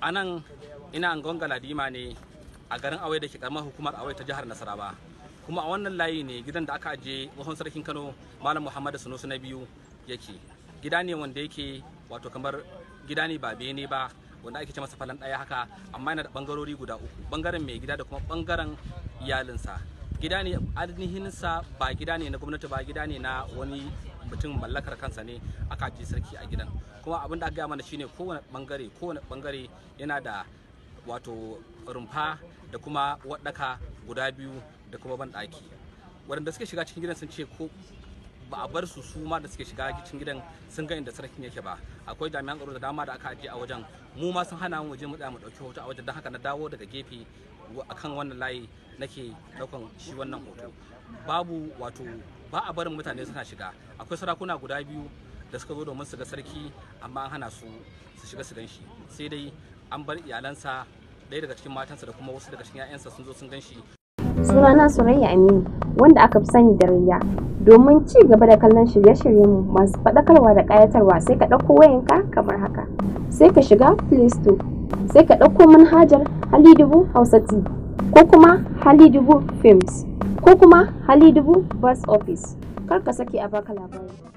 anan ina angon galadima ne a garin awai da ke karamar hukumar awai ta jihar nasarawa kuma a wannan layi ne gidan da aka aje tsohon sarkin kano malam muhammadu sanusu na biyu yake gida ne wanda yake wato kamar gida ne ba bene ba wanda ake ce masa falan ɗaya haka amma yana da bangarori guda uku bangaren mai gida da kuma bangaren iyalinsa gida ne ainihinsa ba gida ne na gwamnati ba gida ne na wani mutum mallakar kansa ne aka ji sarki a gidan kuma abin da aka gaya mana shine kowane bangare kowane bangare yana da wato rumfa da kuma waɗaka guda biyu da kuma banɗaki waɗanda suke shiga cikin gidan sun ce ko ba a bar su su ma da suke shiga cikin gidan sun ga inda sarkin yake ba akwai jami'an tsaro da dama da aka ajiye a wajen mu ma sun hana mu je mu tsaya mu dauki hoto a wajen don haka na dawo daga gefe akan wannan layi nake daukan shi wannan hoto babu wato ba a barin mutane suna shiga akwai sarakuna guda biyu da suka zo domin su ga sarki amma an hana su su shiga su ganshi sai dai an bar iyalansa ɗaya daga cikin matansa da kuma wasu daga cikin 'ya'yansa sun zo sun ganshi sunana Surayya Aminu wanda aka fi sani da Rayya domin ci gaba da kallon shirye-shiryenmu masu faɗakarwa da ƙayatarwa sai ka ɗauko wayanka kamar haka sai ka shiga Play Store sai ka ɗauko manhajar Halidubu Hausa TV ko kuma Halidubu Films ko kuma Halidubu Bus Office. Kar ka sake a baka labari.